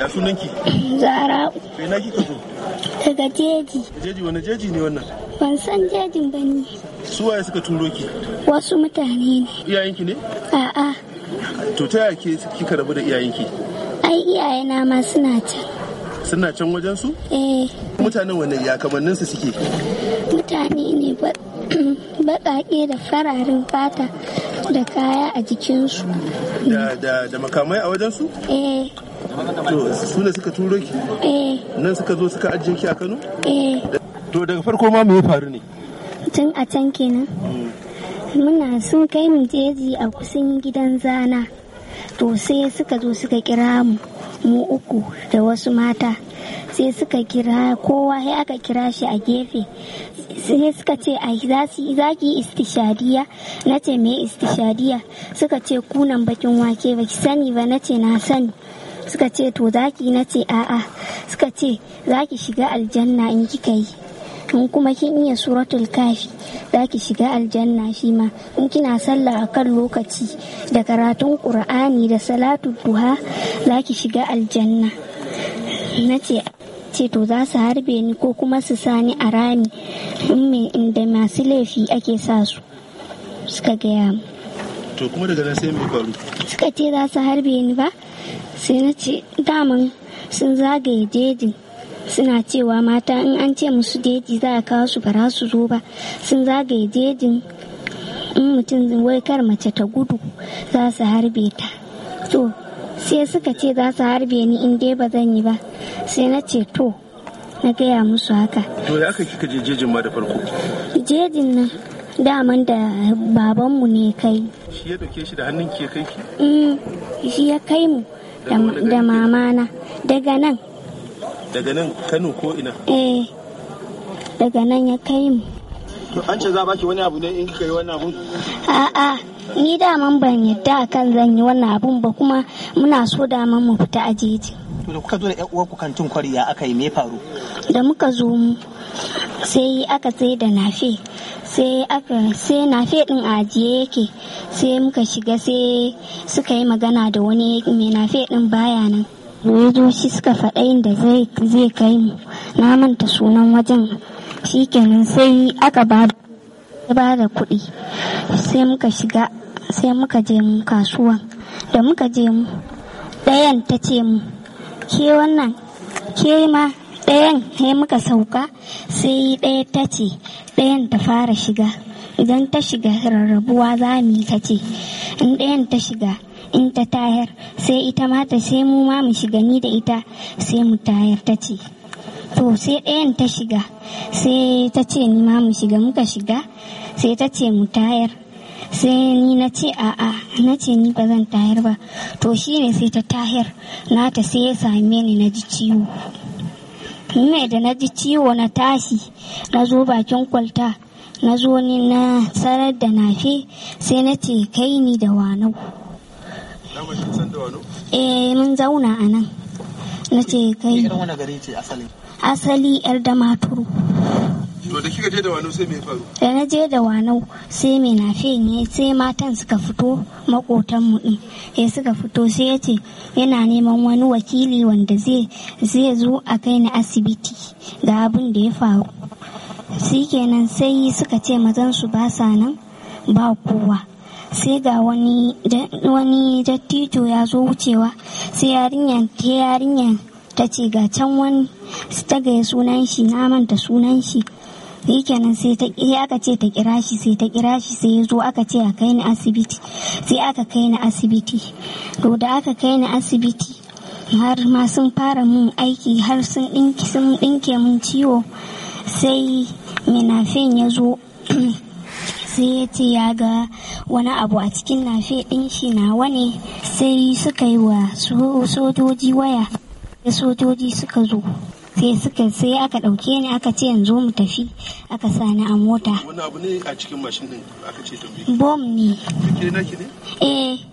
Ya sunan ki? Zara. Sai na kika zo? Daga jeji. Jeji wani jeji ne wannan? Ban san jejin ba ne. Su waye suka turo ki? Wasu mutane ne. Iyayenki ne? A'a. To ta yaya ke kika rabu da iyayenki? Ai na ma suna can. Suna can wajen su? Eh. Mutanen wanne ya kamannin su suke? Mutane ne baƙaƙe da fararen fata da kaya a jikinsu. Da, da makamai a wajensu? Eh. to su ne suka turo ki eh. nan suka zo suka ajiye ki a Kano eh. to daga farko ma me ya faru ne tun a can kenan muna sun kai mu jeji a kusin gidan zana to sai suka zo suka kira mu mu uku da wasu mata sai suka kira kowa sai aka kira shi a gefe sai suka ce a za ki istishadiya na ce me istishadiya suka ce kunan bakin wake baki sani ba na ce na sani suka ce to zaki na ce a'a suka ce zaki shiga aljanna in kika yi in kuma kin iya suratul kafi zaki shiga aljanna shi ma in kina sallah a kan lokaci da karatun qur'ani da salatu duha za ki shiga aljanna na ce ce to za su harbe ni ko kuma su sani a rami inda masu laifi ake sa su suka gaya mu to kuma daga nan sai mai faru suka ce za su harbe ni ba sai na ce daman sun zagaye jeji suna cewa mata in an ce musu jeji za a kawo su ba za su zo ba sun zagaye jejin in mutum wai kar mace ta gudu za su harbe ta to sai suka ce za su harbe ni in dai ba zan yi ba sai na ce to na gaya musu haka to ya aka kika je jejin ma da farko jejin nan daman da babanmu ne kai shi ya dauke shi da hannun ke kai ki mm, shi ya kai mu da mamana daga nan daga nan kano ko ina eh daga nan ya kai mu to an ce za baki wani abu ne in ka yi wannan abun a'a ni daman ban yadda kan zan yi wannan abun ba kuma muna so daman mu fita a jeji to da kuka zo da ƴan uwanku kantin kwariya aka yi me faru da muka zo mu sai aka tsaye da nafe sai nafe sai na din ajiye yake sai muka shiga sai suka yi magana da wani mai na din baya nan ya zo shi suka faɗa inda zai kai mu na manta sunan wajen shikenan sai aka ba da kuɗi sai muka shiga sai muka je mu kasuwan da muka je mu ɗayan ta ce mu ke wannan ke ma ɗayan sai muka sauka sai ɗaya ta ce ɗayan ta fara shiga idan ta shiga rarrabuwa za mu yi ta ce in ɗayan ta shiga in ta tayar sai ita mata sai mu ma mu shiga ni da ita sai mu tayar ta ce to sai ɗayan ta shiga sai ta ce ni ma mu shiga muka shiga sai ta ce mu tayar sai ni na ce a'a na ce ni ba zan tayar ba to shine sai ta tayar nata sai ya same ni na ji ciwo ne da na ji ciwo na tashi na zo bakin kwalta na zo ni na sarar da nafe sai na ce kai ni da wanau eh mun zauna a nan na ce kai asali yar da maturu To da kika je da wano sai mai faru? Da na je da sai ne sai matan suka fito makotan mu din. Sai suka fito sai ya ce yana neman wani wakili wanda zai zai zo a kai na asibiti ga abin da ya faru. Shikenan sai suka ce mazan su ba sa nan ba kowa. sai ga wani dattijo ya zo wucewa sai yarinyar ta ta ce ga can wani ta gaya sunan shi na manta sunan shi sai kenan sai ta aka ce ta kira shi sai ta kira shi sai ya zo aka ce a kai ni asibiti sai aka kai ni asibiti to da aka kai ni asibiti har ma sun fara mun aiki har sun dinki sun dinke mun ciwo sai minafin ya zo sai ya ce ya ga wani abu a cikin nafe din shi nawa ne sai suka yi wa sojoji waya sojoji suka zo sai suka sai aka ɗauke ni aka ce yanzu mu tafi aka sa ni a mota wani abu ne a cikin mashin din aka ce tafi bom ne eh